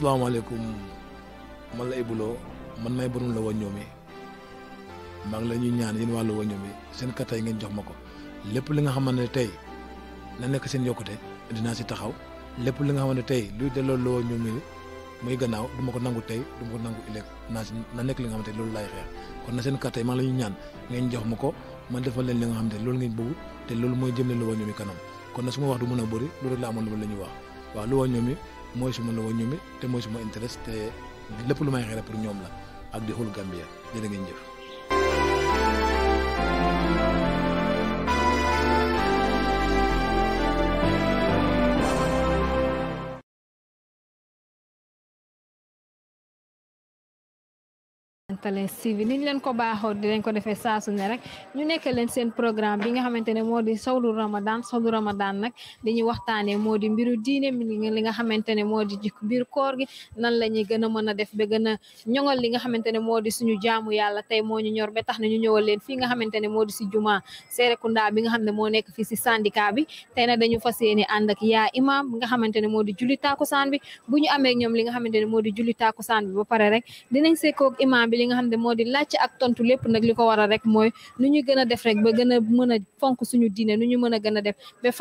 salaamaaleykum man la Ibuloo man may borom la waññoo mi maa ngi la ñuy ñaan yéen wàllu waññoo mi seen katay ngeen jox ma ko lépp li nga xamante ne tey na nekk seen yokkute dinaa si taxaw lépp li nga xamante ne tey luy delloo la waññoo mi muy gannaaw du ma ko nangu tey du ma ko nangu ëllëg naa si na nekk li nga xamante ne loolu laay xeex kon na seen katay maa ngi la ñuy ñaan ngeen jox ma ko man defal leen li nga xamante ne loolu ngeen bëgg te loolu mooy jëm leen la waññoo kanam kon na su ma wax mën bëri loolu la amoon lu la ñuy wax waaw lu mi mooy suma la wa ñoom it te mooy suma intérêt te lépp lu may xere pour ñoom la ak di xool Gambia jërë ngeen jëf Talents TV niñ leen ko baaxoo dinañ ko defee saa su ne rek ñu nekk leen seen programme bi nga xamante ne moo di sawlu Ramadan sawlu Ramadan nag dañuy waxtaanee moo di mbiru diine li nga xamante ne moo di biir koor gi nan la ñuy gën a mën a def ba gën a ñoŋal li nga xamante ne moo di suñu jaamu yàlla tey moo ñu ñor ba tax na ñu ñëwal leen fii nga xamante ne moo di si juma Serekunda bi nga xam ne moo nekk fii si syndicat bi tey na dañu fas yéene ànd ak yaa imam bi nga xamante ne moo di julli taakusaan bi bu ñu amee ñoom li nga xamante ne moo di julli taakusaan bi ba pare nga xam ne moo ak tontu lépp rek def rek ba fonk suñu diine def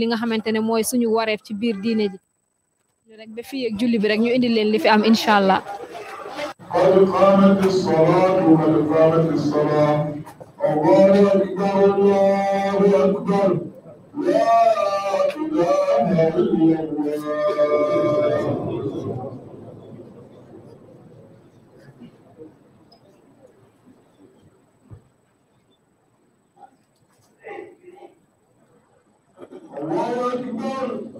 li nga suñu ci biir diine ji rek ak julli bi rek ñu indi leen li fi am قد قامت الصلاة قامت الصلاة الله أكبر الله أكبر لا إله إلا الله Allahu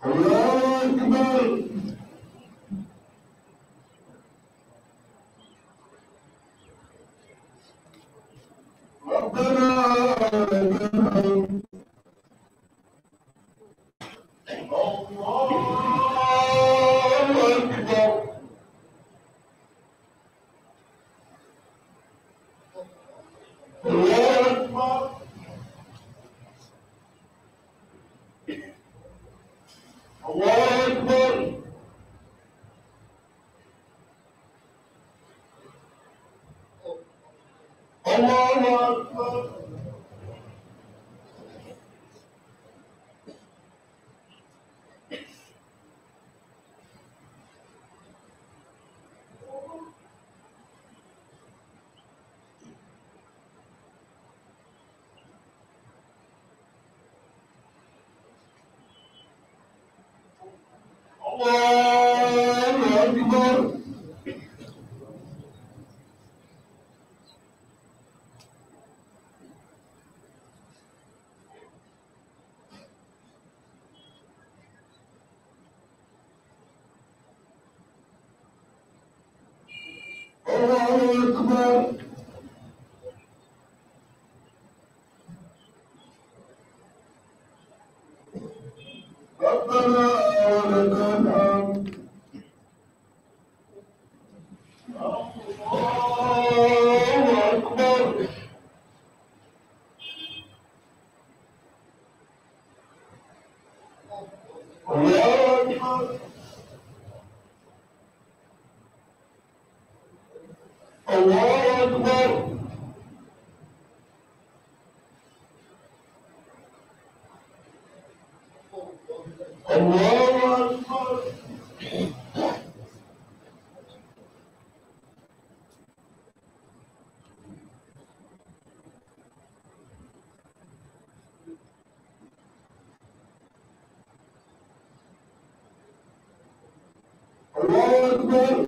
Amém. Oh. Lord করবে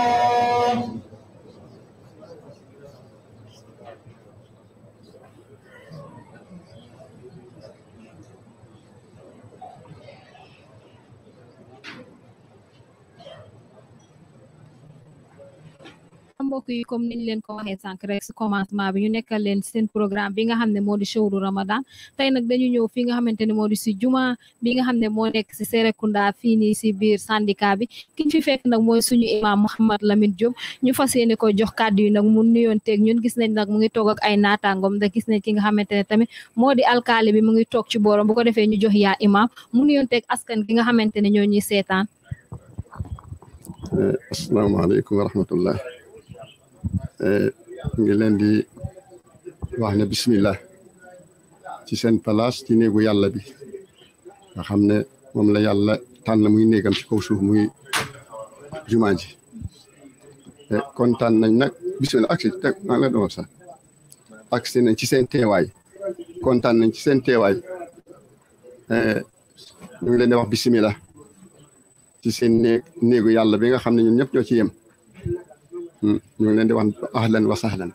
yi comme niñ leen ko waxee sànq rek si commencement bi ñu nekkal leen seen programme bi nga xam ne moo di Ramadan tey nag dañu ñëw fi nga xamante ne moo di si juma bi nga xam ne moo nekk si seere Serekunda fii nii si biir syndicat bi ki ñu fi fekk nag mooy suñu imam Mouhamed Lamine Diop ñu fas yéene ko jox kàddu yi nag mu nuyoon teeg ñun gis nañ nag mu ngi toog ak ay naataangoom da gis nañ ki nga xamante ne tamit moo di alkaali bi mu ngi toog ci boorom bu ko defee ñu jox yaa imam mu nuyoon teeg askan gi nga xamante ne ñoo ñuy seetaan Eh, ngi leen di wax ne bismillah ci seen place ci néegu yàlla bi nga xam ne moom la yàlla tànn muy néegam ci kaw suuf muy jumaa ji eh, kontaan nañ nag bismillah agsi maa la doon sax agsi nañ ci seen teewaay kontaan nañ ci seen teewaay eh, ñu ngi leen de wax bismillah ci seen néegu yàlla bi nga xam ne ñun ñëpp ñoo ci yem ñu ngi leen di wax ahlan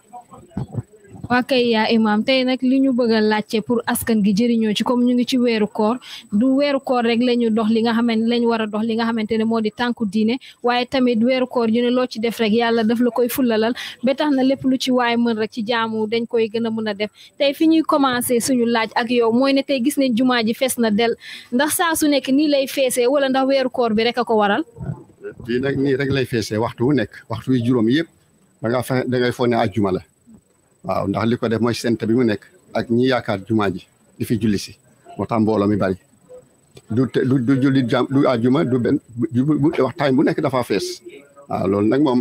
waa kay yaa imaam tey nag li ñu bëgg a laajte pour askan gi jëriñoo ci comme ñu ngi ci weeru koor du weeru koor rek la dox li nga xamante lañ war a dox li nga xamante ne moo di tànku diine waaye tamit weeru koor ñu ne loo ci def rek yàlla daf la koy fullalal ba tax na lépp lu ci waay mën rek ci jaamu dañ koy gën a mën a def tey fi ñuy commencé suñu laaj ak yow mooy ne tey gis nañ jumaa ji fees na del ndax saa su nekk nii lay feesee wala ndax weeru koor bi rek a ko waral lii nag nii rek lay feesee waxtu wu nekk waxtu wi juróom yëpp da ngaa fa da ne àjjuma la waaw ndax li ko def mooy sent bi mu nekk ak ñi yaakaar jumaa ji di fi julli si moo tax mbooloo mi bari du du du julli jàmm du àjjuma du benn bu nekk dafa fees waaw loolu nag moom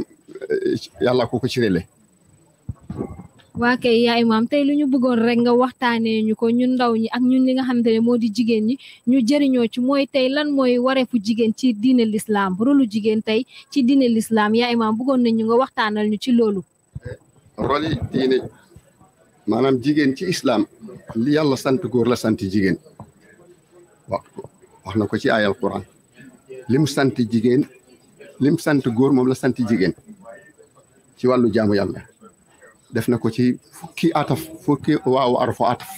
eh, yàlla ko ko ci wa kay iya, ya imam tay luñu ñu bëggoon rek nga waxtane ñu ko ñun ndaw ñi ak ñun li nga xamantene ne moo di jigéen ñi ñu jëriño ci mooy tay lan mooy wareefu jigéen ci diine lislaam rolu jigéen tay ci diine lislaam ya imam bëggoon nañ ñu nga waxtaanal ñu ci loolu roli diine manam jigéen ci islaam li yàlla sant góor la sant jigéen wax na ko ci ayal quran lim sant jigéen lim sant góor moom la sant jigéen ci wàllu jaamu yàlla def na ko ci fukki ataf fukki waaw arfu ataf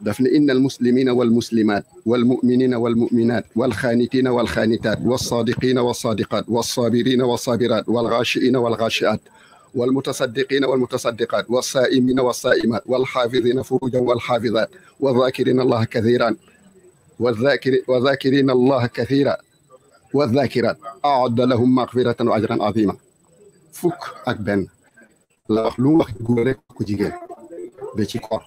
daf ne inna almuslimina walmuslimat walmuminina walmuminat walxaanitina walxaanitat walsadiqina walsadiqat walsabirina walsabirat walxaashiina walxaashiat والمتصدقين والمتصدقات والصائمين والصائمات والحافظين فروجا والحافظات والذاكرين الله كثيرا والذاكر وذاكرين الله كثيرا والذاكرات أعد لهم مغفرة وأجرا عظيما فك أكبر la wax lu wax góor rek ko jigéen ba ci koor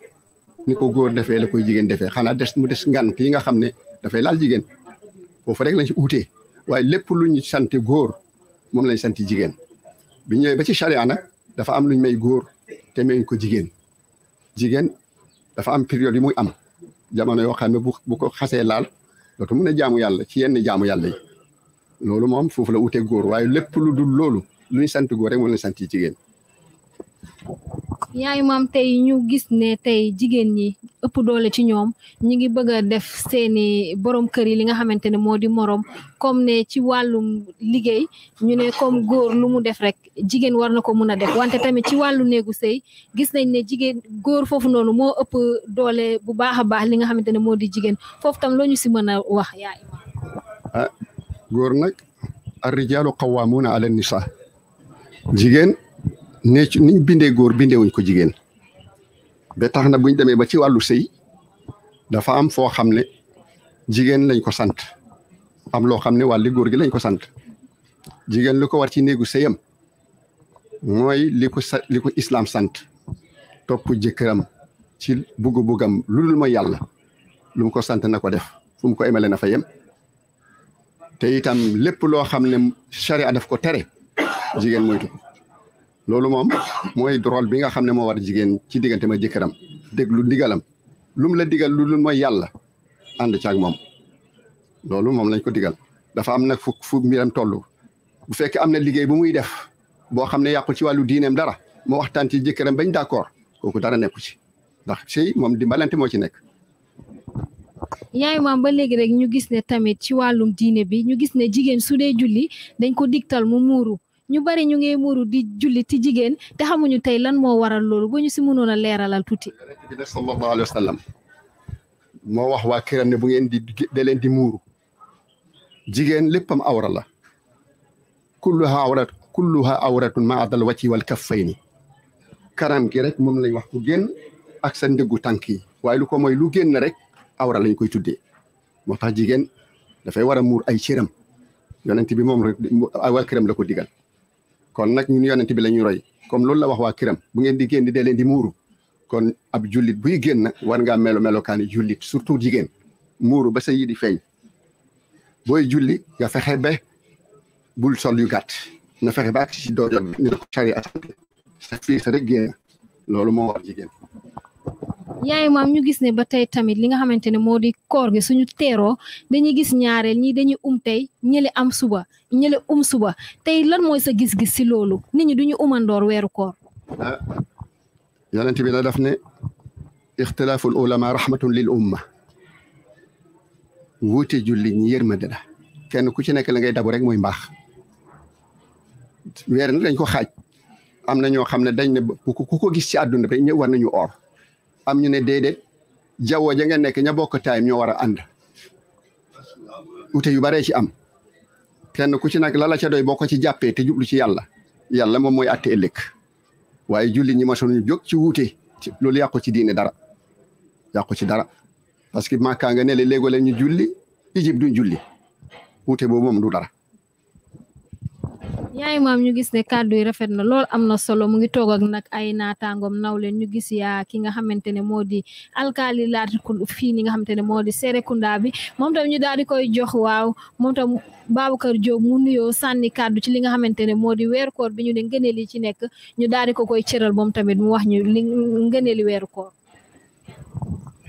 ni ko góor defee la koy jigéen defee xanaa des mu des ngant yi nga xam ne dafay laal jigéen foofu rek lañ ci uutee waaye lépp lu ñu sant góor moom lañ sant jigéen bi ñëwee ba ci charia nag dafa am luñ may góor te mayuñ ko jigéen jigéen dafa am période yi muy am jamono yoo xam ne bu bu ko xasee laal dootu mun a jaamu yàlla ci yenn jaamu yàlla yi loolu moom foofu la utee góor waaye lépp lu dul loolu lu ñu sant góor rek moom lañ sant jigéen yaayu maam tey ñu gis ne tey jigéen ñi ëpp doole ci ñoom ñi ngi bëgg a def seeni borom kër yi li nga xamante ne moo di morom comme ne ci wàllum liggéey ñu ne comme góor lu mu def rek jigéen war na ko mun a def wante tamit ci wàllu néegu sëy gis nañ ne jigéen góor foofu noonu moo ëpp doole bu baax a baax li nga xamante ne moo di jigéen foofu tam loo ñu si mën a wax yaayu maam ah góor nag ar rijaalu qawwaamuuna ala nisa jigéen ne niñ bindee góor bindeewuñ ko jigéen ba tax na buñ demee ba ci wàllu sëy dafa am foo xam ne jigéen lañ ko sant am loo xam ne wàlli góor gi lañ ko sant jigéen li ko war ci néegu sëyam mooy li ko li ko islaam sant topp jëkkëram ci bugg-buggam lu dul mooy yàlla lum ko sant na ko def fu ko emale na fa yem te itam lépp loo xam ne charia daf ko tere jigéen moytu loolu moom mooy rôle bi nga xam ne moo war jigéen ci diggante ma jëkkëram déglu digalam lu la digal lu dul mooy yàlla ànd ci ak moom loolu moom lañ ko digal dafa am nag fu fu mbiram toll bu fekkee am na liggéey bu muy def boo xam ne yàqul ci wàllu diineem dara moo waxtaan ci jëkkëram bañ d'accord kooku dara nekku ci ndax sëy moom dimbalante moo ci nekk yaay maam ba léegi rek ñu gis ne tamit ci wàllum diine bi ñu gis ne jigéen su dee julli dañ ko digtal mu muuru ñu bari ñu muru di julli ti jigen te xamuñu tay lan mo waral lolu bu ñu si mënoon léralal leeralal sallallahu Alaihi Wasallam mo wax wa këram ne bu ngeen di de len di muru jigen leppam awra la kulluha awrat kulluha awratun ma adal wati wal kaffayn karam gi rek mom lañ wax ku gen ak sa ndegu tanki way lu ko moy lu gen rek awra lañ koy tuddé motax jigen da fay wara mur ay ciiram yonent bi mom rek la ko digal kon nag ñun yonent bi la ñuy roy comme loolu la wax waa kiram bu ngeen di génn dee leen di muuru kon ab jullit buy génn war ngaa melo melokaani jullit surtout jigéen muuru ba sa yi di feeñ booy julli nga fexe ba bul sol yu gàtt na fexe ba ak si doojo ni la ko sari asanté sa fii sa rek loolu moo war jigéen yaay maam ñu gis ne ba tey tamit li nga xamante ne moo di koor gi suñu teeroo dañuy gis ñaareel ñii dañuy um tey ñële am suba ñële um suba tey lan mooy sa gis-gis si loolu nit ñi duñu umandoor weeru koor ah, yonent bi la daf ne ixtilaaful ulama rahmatun lil umma wuute julli ñi yërmande la kenn ku ci nekk la ngay dabu rek mooy mbaax weer na dañ ko xaaj am na ñoo xam ne dañ ne ku ko gis ci àdduna bi ñëw war nañu or am ñu ne déedéet jaww ja nga nekk ña bokk time ñoo war a ànd yu baree ci am kenn ku ci nag la la ca doy boo ko ci jàppee te jublu ci yàlla yàlla moom mooy àtte ëllëg waaye julli ñi ma ñu jóg ci wuute loolu yàqu ci diine dara yàqu ci dara parce que maakaa nga ne le léegoo ñu julli Égypte duñ julli wuute boobu moom du dara yaay maam ñu gis ne kàddu yi rafet na lool am na solo mu ngi toog ak nag ay naataangoom naw leen ñu gis yaa ki nga xamante ne moo di alkaali laat fii ni nga xamante ne moo di Serekunda bi moom tam ñu daal di koy jox waw moom tam Babacar Diop mu nuyoo sànni kàddu ci li nga xamante ne moo di weeru koor bi ñu ne ngëneel yi ci nekk ñu daal di ko koy cëral moom tamit mu wax ñu li ngëneeli weeru koor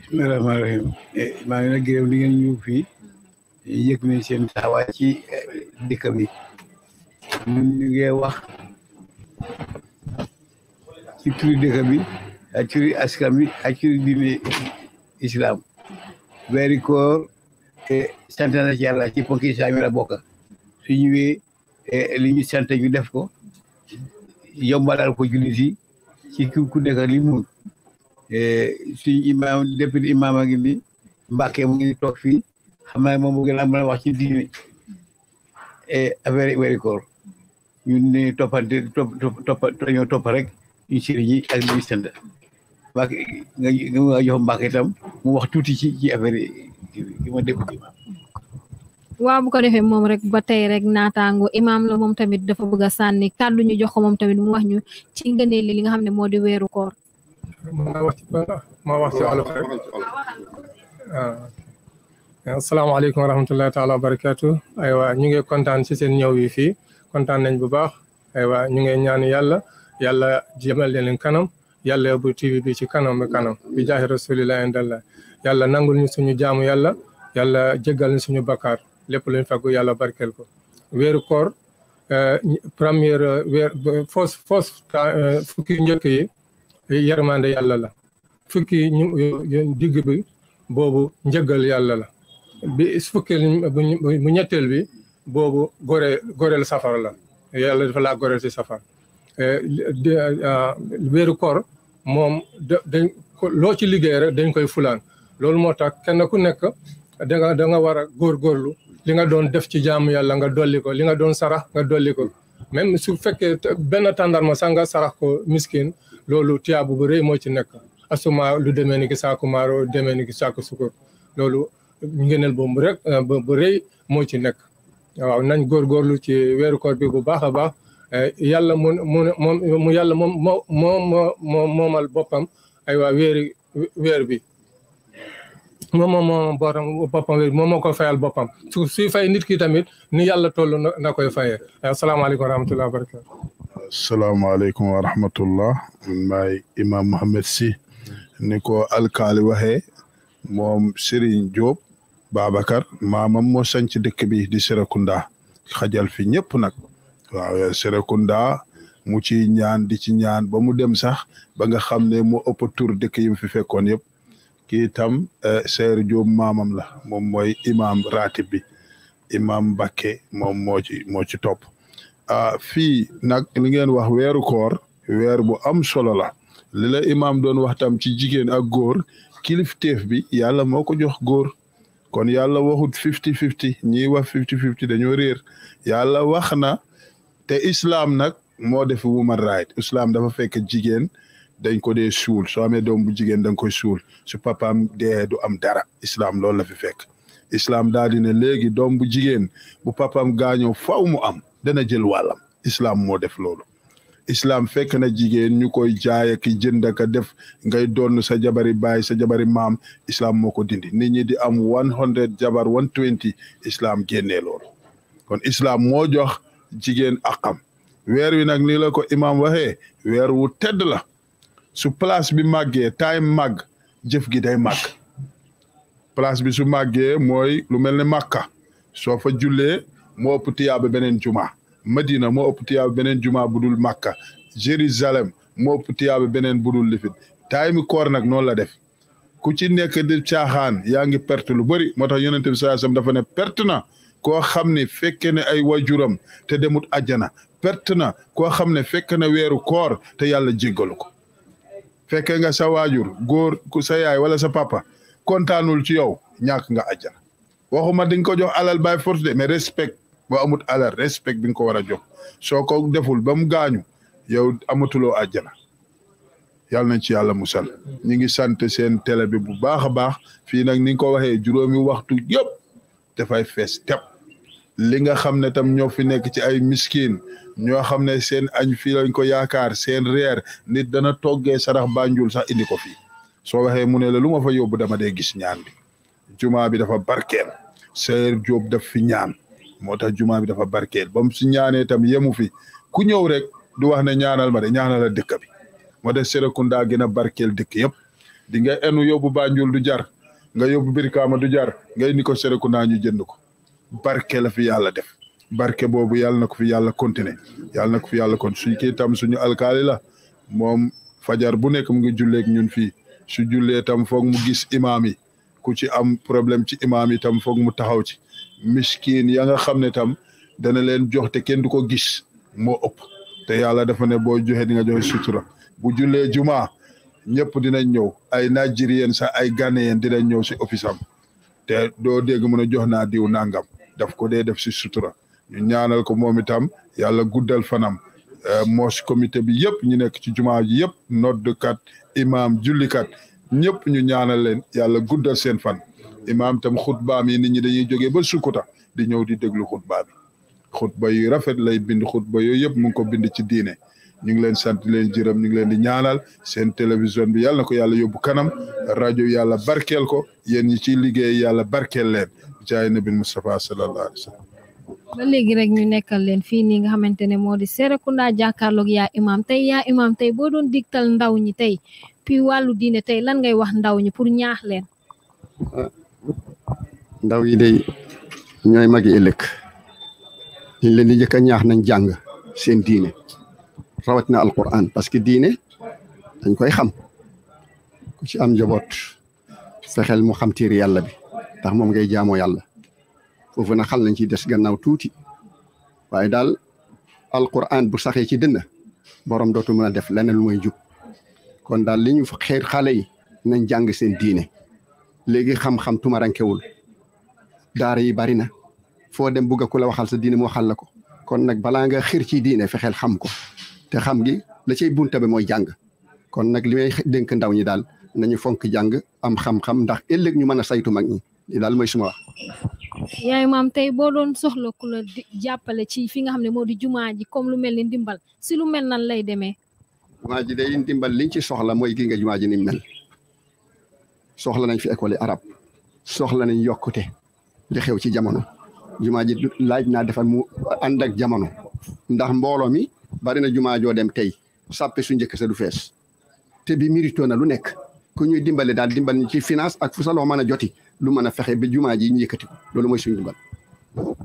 bismillahi rahmaani rahim eh, maa ngi leen di gërëm li ngeen ñëw fii yëg ne seen ci eh, dëkk ñun ñu ngi ci turi dëkk bi ak turi askan bi ak islam weeri koor na ci yàlla ci ponki islam yi la bokk su ñëwee e, li ñu sant ñu def ko yombalal ko jullit ci ku nekk li mu e, suñu imaam député imaam a ngi ni Mbàkke mu ngi fii xam naa moom wax ci diine e, affaire weeri koor ñu to to to yo to sëriñ yi ak ministre la ba nga nga yo mbak itam mu wax tuuti ci ci affaire yi ma dégg ci wa bu ko defee mom rek ba tay rek naataango imam la mom tamit dafa bëgga sanni kaddu ñu jox ko tamit mu wax ñu ci ngeene li nga xam ne moo di weeru koor ma wax ci wàllu rek ah. alaykum wa rahmatullahi taala wa ay wa ñu ngi kontaan ci seen ñew yi fi kontaan nañ bu baax aywa ñu ngi ñaan yàlla yàlla jëmal leen kanam yàlla bu TV bi ci kanam bi kanam bi jaahi rasulillah indallah yàlla nangul ñu suñu jaamu yàlla yàlla jéggal ñu suñu bakkaar lépp luñ faggu yàlla barkel ko weeru koor euh, première weer foos foos euh, fukki njëkk yi yermande yàlla la fukki ñu digg bi boobu njëggal yàlla la bi bu ñetteel bi boobu gore goreel safara la yàlla dafa laa goreel si safara eh, eh, eh, wéeru koor moom dañ loo ci liggéey rek dañ koy fulaan loolu moo tax kenn ku nekk da nga da nga war a góorgóorlu li nga doon def ci jaamu yàlla nga dolli ko li nga doon sarax nga dolli ko même su fekkee benn tàndarma ma sanga sarax ko miskin loolu tiyaabu bu rëy moo ci nekk asuma lu demee ni ki saako maaro demee ni ki saaku sukur loolu ngëneel boobu rek bu moo ci nekk waaw nañ góorgóorlu ci weeru koor bi bu baax a baax eh, yàlla mu mu moom yàlla moom moo moo moo moomal boppam ay waa weeri weer bi moom moom moom boppam boppam moom moo ko fayal boppam su suy fay nit ki tamit ni yàlla toll na koy fayee eh, asalaamaaleykum wa rahmatulah wa barakatu asalaamaaleykum wa rahmatullah maay imam Mohamed Sy ni ko alkaali waxee moom Serigne Diop Babacar mamam moo sanc dëkk bi di Serekunda xajal fi ñëpp nag waaw Serekunda mu ci ñaan di ci ñaan ba mu dem sax ba nga xam ne moo ëpp tur dëkk yi fi fekkoon yëpp kii tam eh, Seer Joob maamam la moom mooy imaam ratib bi imaam Bakke moom moo ci moo topp ah, fii nag li ngeen wax weeru koor weer bu am solo la li la doon wax tam ci jigéen ak góor kilifteef bi yàlla moo ko jox góor kon yàlla waxut fifty fifty ñiy wax fifty fifty dañoo réer yàlla wax na te islam nag moo def woman right islam dafa fekk jigéen dañ ko dee suul soo amee doom bu jigéen dañ koy suul su papaam de du am dara islam loolu la fi fekk islam daal di ne léegi doom bu jigéen bu papam gaañoo faw mu am dana jël wàllam islam moo def loolu islaam fekk na jigéen ñu koy jaay ak jënd ak def ngay donn sa jabari baay sa jabari maam islaam moo ko dindi ni ñi di am one hundred jabar one twenty islam kon islaam moo jox jigéen akam weer wi nag nii la ko imam waxe weer wu tedd la su place bi màggee time màgg jëf gi day màgg place bi su màggee mooy lu mel ne màkka soo fa jullee moo ëpp tiyaaba beneen jumaa Madina moo ëpp tiyaaba beneen juma bu dul Makka Jérusalem moo ëpp tiyaaba beneen bu dul lifit mi koor nag noonu la def ku ci nekk di caaxaan yaa ngi perte lu bari moo tax yeneen bi sallallahu alayhi dafa ne perte na koo xam ne fekke ne ay wajuram te demut ajjana perte na koo xam ne fekke na weeru koor te yàlla jéggalu ko fekke nga sa waajur góor ku sa yaay wala sa papa kontaanul ci yow ñàkk nga ajjana waxuma dinga ko jox alal by force de respect boo amut ala respect bi nga ko wara jox soko deful bam gañu gaañu yow amatuloo aljana yàlla nañ ci yalla musal ñi ngi sante sen télé bi bu baaxa baax fi nak ni nga ko waxe juróomi waxtu da fay fess tepp li nga xamne tam ño fi nek ci ay miskin ño xamne sen seen añ fii lañ ko yaakar sen reer nit dana togge sarax Banjul sax indi ko fi so waxe mu ne la luma ma fa yobbu dama de gis ñaan bi juma bi dafa barkel Seer job daf fi ñaan moo tax jumaa bi dafa barkeel ba mu si ñaane tam yemu fi ku ñëw rek du wax ne ñaanal ma de ñaanal a dëkk bi de tax Serekunda gën a barkeel dëkk yëpp di nga enu yóbbu Banjul du jar nga yóbbu Birkaama du jar nga indi ko Serekunda ñu jënd ko barke la fi yàlla def barke boobu yàlla na ko fi yàlla continuer yàlla na ko fi yàlla kon suñ kii tam suñu alkaali la moom fajar bu nekk mu ngi julleeg ñun fii su jule tam foog mu gis imaam yi ku ci am problème ci imaam itam foog mu taxaw ci miskin ya nga xam ne tam dana leen jox te kenn du ko gis moo ëpp te yàlla defa ne boo joxe di nga joxe sutura bu jullee juma ñëpp dinañ ñëw ay nigérien sax ay ghanéen dinañ ñëw si office am te doo dégg mun a jox naa diw nangam daf ko dee def si sutura ñu ñaanal ko moom itam yàlla guddal fanam eh, mos comité bi yëpp ñu nekk ci jumaa ji yëpp noddkat imaam jullikat ñëpp ñu ñaanal leen yàlla guddal seen fan imaam tam xutbaam yi nit ñi dañuy jógee ba Sukuta di ñëw di déglu xutba bi xutba yu rafet lay bind xutba yooyu yëpp mu ngi ko bind ci diine ñu ngi leen sant leen jërëm ñu ngi leen di ñaanal seen télévision bi yàlla ko yàlla yóbbu kanam rajo yàlla barkeel ko yéen ñi ciy liggéey yàlla barkeel leen jaay nabi Mustafa sallallahu alayhi wa sallam ba léegi rek ñu nekkal leen fii nii nga xamante ne moo di Serekunda jàkkaarloog yaa imaam tey yaa imaam tey boo doon digtal ndaw ñi tey puis walu diine tay lan ngay wax ndaw ñi pour ñaax leen ndaw yi day ñoy magi elek. ñu leen di jëk ñaax nañ jang seen diine rawat na alquran parce que diine dañ koy xam ku ci am njaboot fexel mu xam tir yalla bi tax mom ngay jamo yalla fofu na xal nañ ci dess gannaaw tuuti waye dal alquran bu saxé ci dëna borom dootu def lenen lu may kon daal li ñu xeet xale yi nañ jàng seen diine léegi xam-xam tumarankewul daara yi bari na foo dem bugg ku la waxal sa diine mu waxal la ko kon nag balaa nga xir ci diine fexeel xam ko te xam gi la cay bunta bi mooy jàng kon nag li may dënk ndaw ñi daal nañu fonk jàng am xam-xam ndax ëllëg ñu mën a saytu mag ñi daal mooy suma wax yaay maam tey boo doon soxla ku la jàppale ci fi nga xam ne moo di jumaa ji comme lu mel ni ndimbal si lu mel nan lay demee jumaa ji day ndimbal liñ ci soxla mooy gi nga jumaa ji ni mel soxla nañ fi école arab soxla nañ yokkute li ci jamono jumaa ji laaj naa defar mu ànd ak jamono ndax mbooloo mi bari na jumaa joo dem tey sappe su njëkk sa du fees te bi mérito na lu nekk ku ñuy dimbale daal dimbal ci finance ak fu sa loo mën a joti lu mën a fexe ba jumaa ji ñu yëkkati loolu mooy suñu dimbal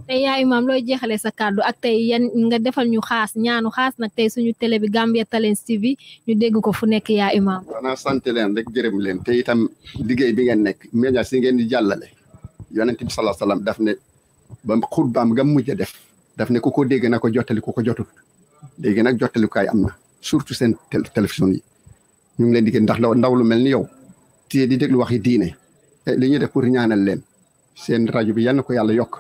tay yaay maam loy jeexalee sa kàddu ak tey yan nga defal ñu xaas ñaanu xaas nag tey suñu télé bi Gambia talent TV ñu dégg ko fu nekk yaa imaam xanaa sant leen rek jërëm leen te itam liggéey bi ngeen nekk média si ngeen di jàllale yonent bi salaa salaam daf ne ba xutbaam gam mujj def daf ne ku ko dégg na ko jottali ku ko jotul léegi nag jottalikukaay am na surtout seen télévision yi ñu ngi leen di gën ndax ndaw lu mel ni yow téye di déglu waxi diine eh, li ñuy def pour ñaanal leen seen rajo bi yal ko yàlla yokk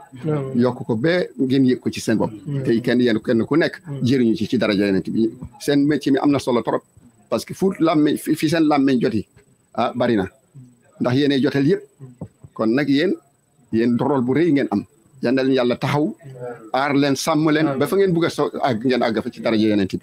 yokk ko ba ngeen yëg ko ci seen bopp te kenn yéen kenn ku nekk jëriñu ci ci daraja yeneen bi seen métier mi am na solo trop parce que fu làmmeñ fi seen làmmeñ joti ah bari na ndax yéenay jotel yëpp kon nag yéen yéen rôle bu rëy ngeen am yal na leen yàlla taxaw aar leen sàmm leen ba fa ngeen bugg a so ak ngeen àgg fa ci daraja yeneen bi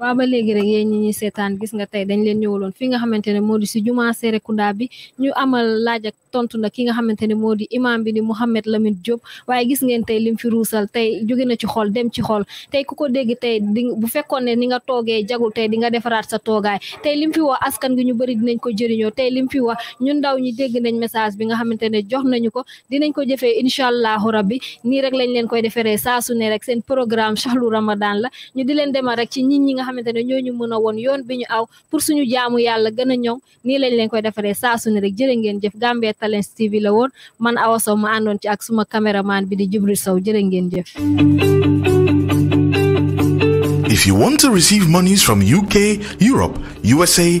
waaw ba léegi rek yéen ñi ñuy seetaan gis nga tey dañ leen ñëwaloon fi nga xamante ne moo di si juma Serekunda bi ñu amal laaja ak tontu na ki nga xamante ne moo di imam bi di Mouhamed Lamine Diop waaye gis ngeen tey lim fi ruusal tey jóge na ci xol dem ci xol tey ku ko dégg tey di bu fekkoon ne ni nga toogee jagu tey di nga defaraat sa toogaay tey lim fi wax askan gi ñu bëri dinañ ko jëriñoo tey lim fi wax ñun ndaw ñi dégg nañ message bi nga xamante ne jox nañu ko dinañ ko jëfee incha allahu rabbi nii rek lañ leen koy deferee saa su ne rek seen programme chahlu ramadan la ñu di leen demal rek ci nit ñi yoon bi ñu aw pour suñu jaamu yàlla gën a ñoŋ nii lañ leen koy defaree saa su ne rek jërë ngeen jëf TV la woon man Awa Sow ma àndoon ci ak suma caméraman bi di Sow jërë ngeen jëf If you want to receive monies from UK, Europe, USA,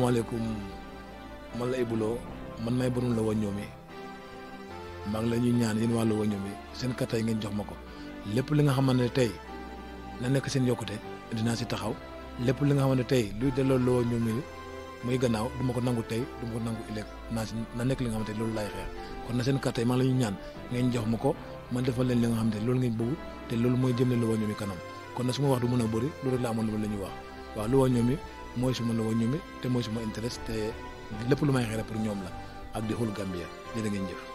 asalaamaaleykum man la ibuloo man may borom la waññoo mi maa ngi la ñuy ñaan yéen wàllu waññoo mi seen kattay ngeen jox ma ko lépp li nga xamante ne tey na nekk seen yokkute dinaa si taxaw lépp li nga xamante ne tey luy delloo la waññoo mi muy gannaaw du ma ko nangu tey du ma ko nangu ëllëg si na nekk li nga xamante ne loolu laay xeex kon na seen kattay maa ngi la ñuy ñaan ngeen jox ma ko man defal leen li nga xamante ne loolu ngeen bëgg te loolu mooy jëmle la waññoo mi kanam kon na su ma wax du mën a bëri loolu la amoon lu la ñuy wax mooy suma la wa ñumi te mooy suma intérêt te lépp lu may xere pour ñoom la ak di xool jën a ngeen jëf